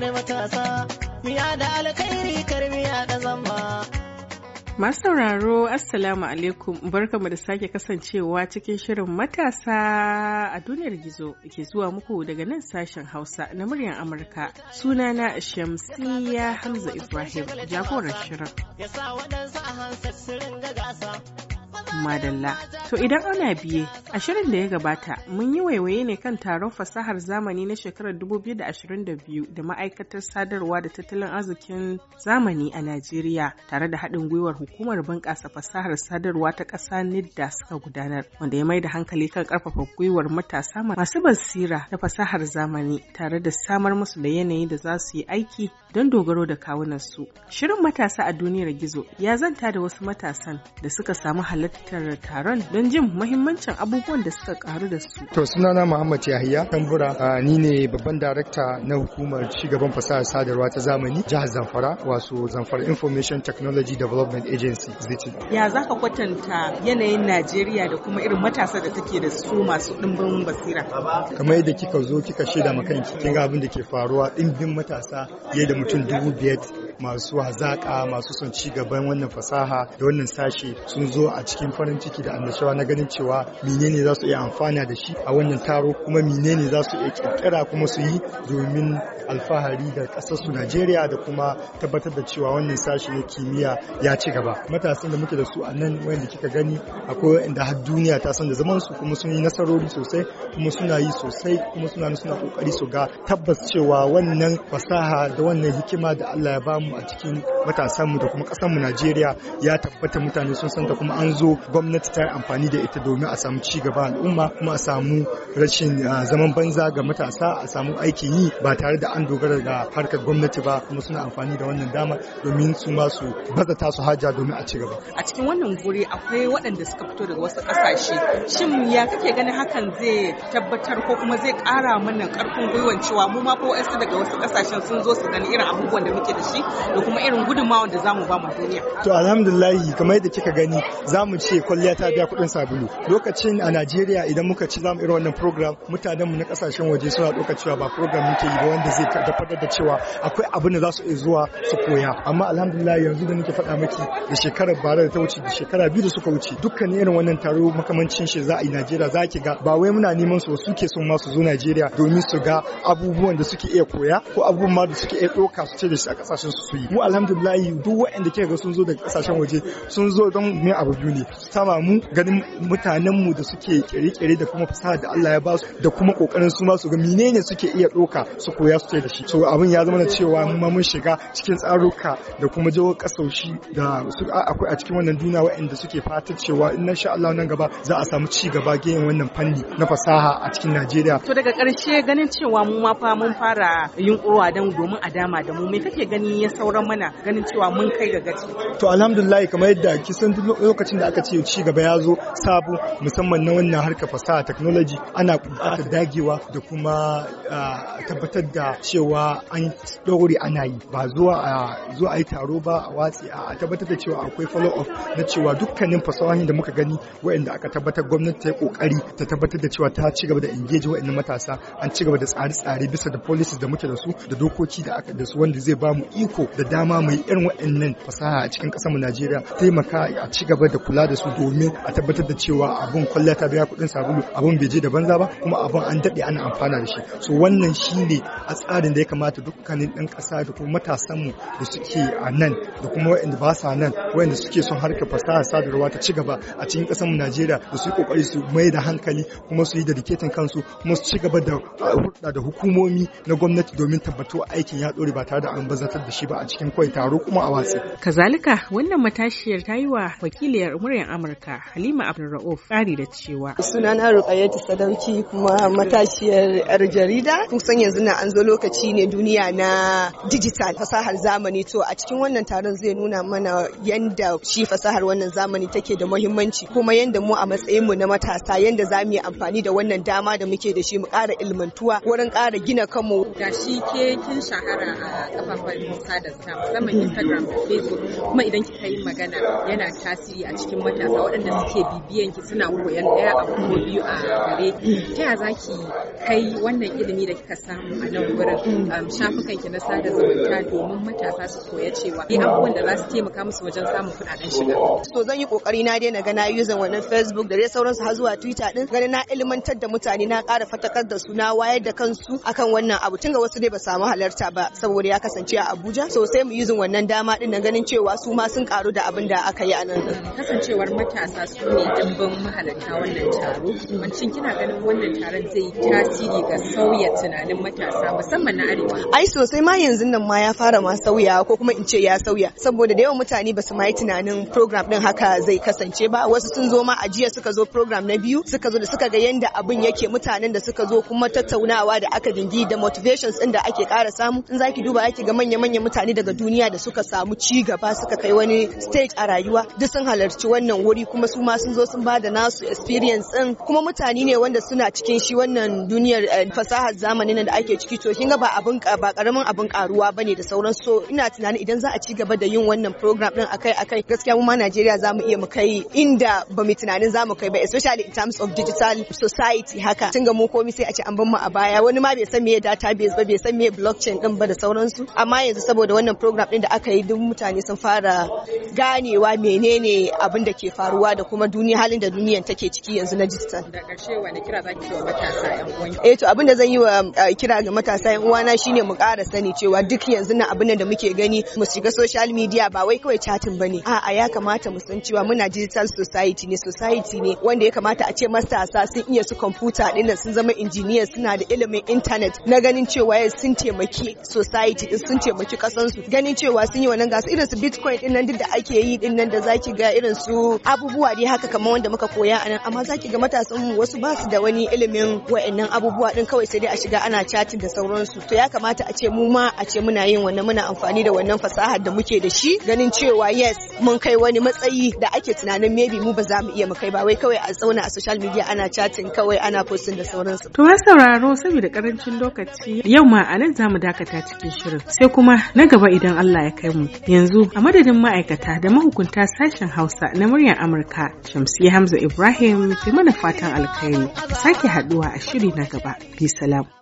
da alkhairi karmiya da zamba. Masu sauraro Assalamu alaikum barkamu da sake kasancewa cikin shirin matasa a duniyar gizo ke zuwa muku daga nan sashen Hausa na muryar Amurka. Sunana Shamsiyya Hamza Ibrahim jagorar shirin. Madalla. To idan ana biye, a shirin da ya gabata mun yi waiwaye ne kan taron fasahar zamani na shekarar 2022 da ma'aikatar sadarwa da tattalin arzikin zamani a Najeriya tare da haɗin gwiwar hukumar bunƙasa fasahar sadarwa ta ƙasa NIDDA suka gudanar wanda ya mai da hankali kan ƙarfafa gwiwar matasa masu basira da fasahar zamani tare da samar musu da yanayi da za su yi aiki don dogaro da kawunansu. Shirin matasa a duniyar gizo ya zanta da wasu matasan da suka samu halartar halartar taron don jin muhimmancin abubuwan da suka karu da su. To sunana Muhammad Yahya Tambura ni ne babban darakta na hukumar shugaban fasahar sadarwa ta zamani jihar Zamfara wasu Zamfara Information Technology Development Agency ziti Ya za ka kwatanta yanayin Najeriya da kuma irin matasa da take da su masu ɗimbin basira. Kamar yadda kika zo kika shaida makan kin ga abin da ke faruwa ɗimbin matasa fiye da mutum dubu biyar masu hazaƙa masu son ci gaban wannan fasaha da wannan sashe sun zo a cikin farin ciki da annashawa na ganin cewa menene za su iya amfana da shi a wannan taro kuma menene za su iya kirkira kuma su yi domin alfahari da ƙasar su Najeriya da kuma tabbatar da cewa wannan sashe na kimiyya ya ci gaba matasan da muke da su a nan wanda kika gani akwai inda har duniya ta san da zaman su kuma sun yi nasarori sosai kuma suna yi sosai kuma suna suna kokari su ga tabbas cewa wannan fasaha da wannan hikima da Allah ya bamu mu a cikin matasanmu da kuma ƙasarmu Najeriya ya tabbata mutane sun san da kuma an zo gwamnati ta yi amfani da ita domin a samu ci gaba al'umma kuma a samu rashin zaman banza ga matasa a samu aikin yi ba tare da an dogara ga harkar gwamnati ba kuma suna amfani da wannan dama domin su ma su baza su haja domin a ci gaba. A cikin wannan guri akwai waɗanda suka fito daga wasu ƙasashe. Shin ya kake ganin hakan zai tabbatar ko kuma zai ƙara mana ƙarfin gwiwan cewa mu ma fa daga wasu ƙasashen sun zo su gani irin abubuwan da muke da shi da kuma irin gudunmawar da zamu ba ma duniya. To alhamdulillah kamar yadda kika gani zamu ce kwalliya ta biya kuɗin sabulu. Lokacin a Najeriya idan muka ci zamu irin wannan program mutanenmu na kasashen waje suna ɗaukar cewa ba program muke yi ba wanda zai tabbatar da cewa akwai abin da za su iya zuwa su koya. Amma alhamdulillah yanzu da muke faɗa miki da shekarar bara da ta wuce da shekara biyu da suka wuce dukkan irin wannan taro makamancin shi za a yi Najeriya za ki ga ba wai muna neman su suke son ma su zo Najeriya domin su ga abubuwan da suke iya koya ko abubuwan da suke iya ɗauka su ce da shi a kasashen su su yi mu alhamdulillahi duk waɗanda kika ga sun zo daga kasashen waje sun zo don mu abu biyu ne sama mu ganin mutanenmu da suke kere-kere da kuma fasaha da Allah ya ba su da kuma kokarin su ma su ga menene suke iya doka su koya su da shi so abin ya zama na cewa mu mun shiga cikin tsaruka da kuma jawo kasaushi da akwai a cikin wannan duniya waɗanda suke fata cewa in sha Allah nan gaba za a samu ci gaba gayen wannan fanni na fasaha a cikin Najeriya to daga karshe ganin cewa mu ma fa mun fara yunkurwa don domin a dama da mu me kake gani yasa sauran mana ganin cewa mun kai ga gaci. To alhamdulillah kamar yadda kisan duk lokacin da aka ce ci gaba ya zo sabo musamman na wannan harka fasaha technology ana kuka dagewa da kuma tabbatar da cewa an ɗaure ana yi ba zuwa a zuwa a yi taro ba a watsi a tabbatar da cewa akwai follow up na cewa dukkanin fasahohin da muka gani waɗanda aka tabbatar gwamnati ta yi kokari ta tabbatar da cewa ta ci gaba da engage waɗannan matasa an ci gaba da tsare-tsare bisa da policies da muke da su da dokoki da aka da su wanda zai ba mu iko da dama mai irin wa'annan fasaha a cikin ƙasar Najeriya taimaka a ci gaba da kula da su domin a tabbatar da cewa abun kwalla ta biya kuɗin sabulu abun bai je da banza ba kuma abun an daɗe ana amfana da shi so wannan shine a tsarin da ya kamata dukkanin ɗan ƙasa da kuma matasan mu da suke a nan da kuma wa'anda ba sa nan wa'anda suke son harka fasaha sadarwa ta ci gaba a cikin ƙasar Najeriya da su yi kokari su mai da hankali kuma su yi da riketin kansu kuma su ci gaba da hulɗa da hukumomi na gwamnati domin tabbatuwa aikin ya ɗore ba tare da an bazatar da shi ba a cikin kwai taro kuma a watsi. Kazalika wannan matashiyar ta yi wa wakiliyar muryar Amurka Halima Abdulra'uf ƙari da cewa. Sunana Ruqayyatu Sadauki kuma matashiyar yar jarida. Kusan yanzu na an zo lokaci ne duniya na dijital. fasahar zamani to a cikin wannan taron zai nuna mana yanda shi fasahar wannan zamani take da muhimmanci kuma yanda mu a matsayin mu na matasa yanda za mu yi amfani da wannan dama da muke da shi mu ƙara ilmantuwa wurin ƙara gina kanmu. Ga shi ke kin shahara a kafafen ta musamman Instagram da Facebook kuma idan kika yi magana yana tasiri a cikin matasa waɗanda suke bibiyan ki suna koyan ɗaya a kuma biyu a gare ta ya ki kai wannan ilimi da kika samu a nan wurin um, shafukan ki na sada zumunta domin matasa su koya cewa yi eh, abubuwan da za su taimaka musu wajen samun kuɗaɗen shiga. To zan yi kokari na dai gana ga na yi wannan Facebook da dai sauransu har zuwa Twitter din ganin na ilimantar da mutane na ƙara fatakar da su na wayar da kansu akan wannan abu tun ga wasu dai ba samu halarta ba saboda ya kasance a Abuja so sai mu yuzin wannan dama din na ganin cewa su ma sun karu da abin da aka yi a nan kasancewar matasa su ne dimbin mahalarta wannan taro mancin kina ganin wannan taron zai tasiri ga sauya tunanin matasa musamman na arewa ai sosai ma yanzu nan ma ya fara ma sauya ko kuma in ce ya sauya saboda da yawan mutane ba su ma yi tunanin program din haka zai kasance ba wasu sun zo ma a jiya suka zo program na biyu suka zo da suka ga yanda abin yake mutanen da suka zo kuma tattaunawa da aka dingi da motivations din da ake kara samu in zaki duba zaki ga manya-manya mutane mutane daga duniya da suka samu ci gaba suka kai wani stage a rayuwa duk sun halarci wannan wuri kuma su ma sun zo sun ba da nasu experience din kuma mutane ne wanda suna cikin shi wannan duniyar eh, fasahar nan da ake ciki to kinga ba abin ba karamin abin karuwa bane da sauran so ina tunanin idan za a ci gaba da yin wannan program din akai akai gaskiya mu ma Najeriya za mu iya mu kai inda ba mu tunanin za mu kai ba especially in terms of digital society haka Tun ga mu komai sai a ci an mu a baya wani ma bai san me database ba bai san me blockchain din ba da sauransu amma yanzu saboda saboda wannan program din da aka yi duk mutane sun fara ganewa menene abin da ke faruwa da kuma duniya halin da duniyan take ciki yanzu na digital da karshe wani kira zaki wa matasa yan uwan eh to abin da zan yi wa kira ga matasa yan uwana shine mu ƙara sani cewa duk yanzu na abin da muke gani mu shiga social media ba wai kawai chatting bane a'a ya kamata mu san cewa muna digital society ne society ne wanda ya kamata a ce matasa sun iya su computer din sun zama injiniyan suna da ilimin internet na ganin cewa sun taimaki society sun taimaki kasa zaben ganin cewa sun yi wannan gasa irin su bitcoin din nan duk da ake yi din nan da zaki ga irin su abubuwa dai haka kamar wanda muka koya a nan amma zaki ga matasan mu wasu ba su da wani ilimin wa'annan abubuwa din kawai sai dai a shiga ana chatting da sauransu to ya kamata a ce mu ma a ce muna yin wannan muna amfani da wannan fasahar da muke da shi ganin cewa yes mun kai wani matsayi da ake tunanin maybe mu ba za mu iya mu kai ba wai kawai a zauna a social media ana chatting kawai ana posting da sauransu to sauraro saboda karancin lokaci yau ma a nan za mu dakata cikin shirin sai kuma na gaba idan Allah ya kai mu. Yanzu a madadin ma'aikata da mahukunta sashen Hausa na muryar Amurka, Shamsi Hamza Ibrahim ke mana fatan alkhairi. Sake haduwa a shiri na gaba. Bi salam.